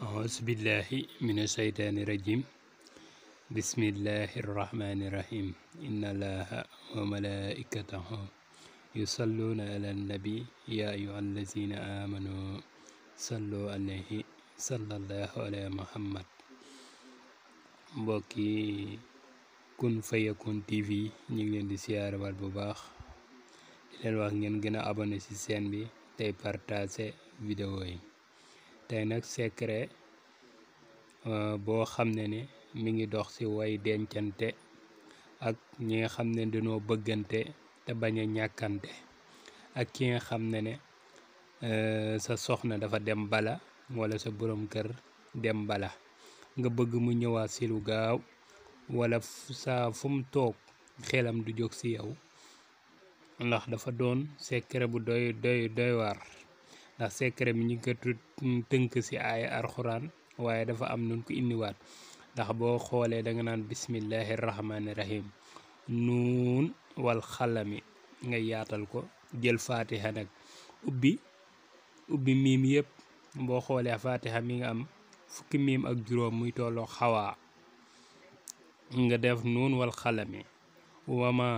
axusbillahi min asheytaani irajim bismillahi irrahmani irrahim inna allaha wa malaikatahu yusalluuna ala annabi ya ayuha allazina amanu muhammad mbokki kun fayakun tv ñu ngi leen di siyaare waat bu baax di leen wax ngeen gën a abonné ci chaîne bi tey partager vidéo yi tey nag secret euh, boo xam ne ne mu ngi dox ci way dencante ak ñi nga xam ne dañoo bëggante te bañ a ñàkkante ak ki nga xam ne ne euh, sa soxna dafa dem bala wala sa borom kër dem bala nga bëgg mu ñëwaat ci lu gaaw wala saa fum toog xelam du jóg ci yow ndax dafa doon secret bu doy doy doy waar ndax secret mi ñu ko tënk si aaya alxuraan waaye dafa am nun ko indiwaat ndax boo xoolee danga naan bismillahi rahmaani rahim nuun wal xalami nga yaatal ko jël fatiha nag ubbi ubbi miim yëpp boo xoolee fatiha mi nga am fukki miim ak juróom muy tolloo xawaa nga def nuun wal xalami wama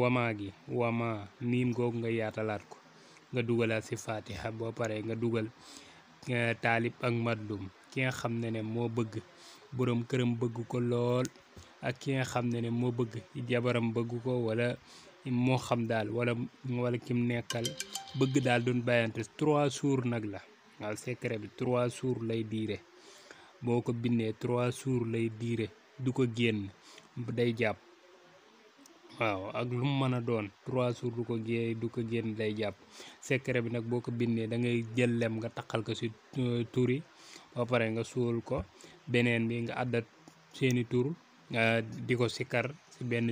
wama gi wama miim googu nga yaatalaat ko nga dugalaat si fatiha boo paree nga dugal eh, taalib ak madlum ki nga xam ne ne moo bëgg boroom këram bëgg ko lool ak ki nga xam ne ne moo bëgg jabaram bëgg ko wala moo xam daal wala wala kim nekkal bëgg daal doon bàyyante trois jours nag la waaw secret bi trois jours lay diire boo ko bindee trois jours lay diire du ko génn day jàpp waaw ak lu mu mën a doon trois jours du ko gée du ko génn day jàpp secret bi nag boo ko bindee da ngay jël lem nga taqal ko si euh, tur yi ba pare nga suul ko beneen bi nga àddat seeni tur di ko sikkar si benn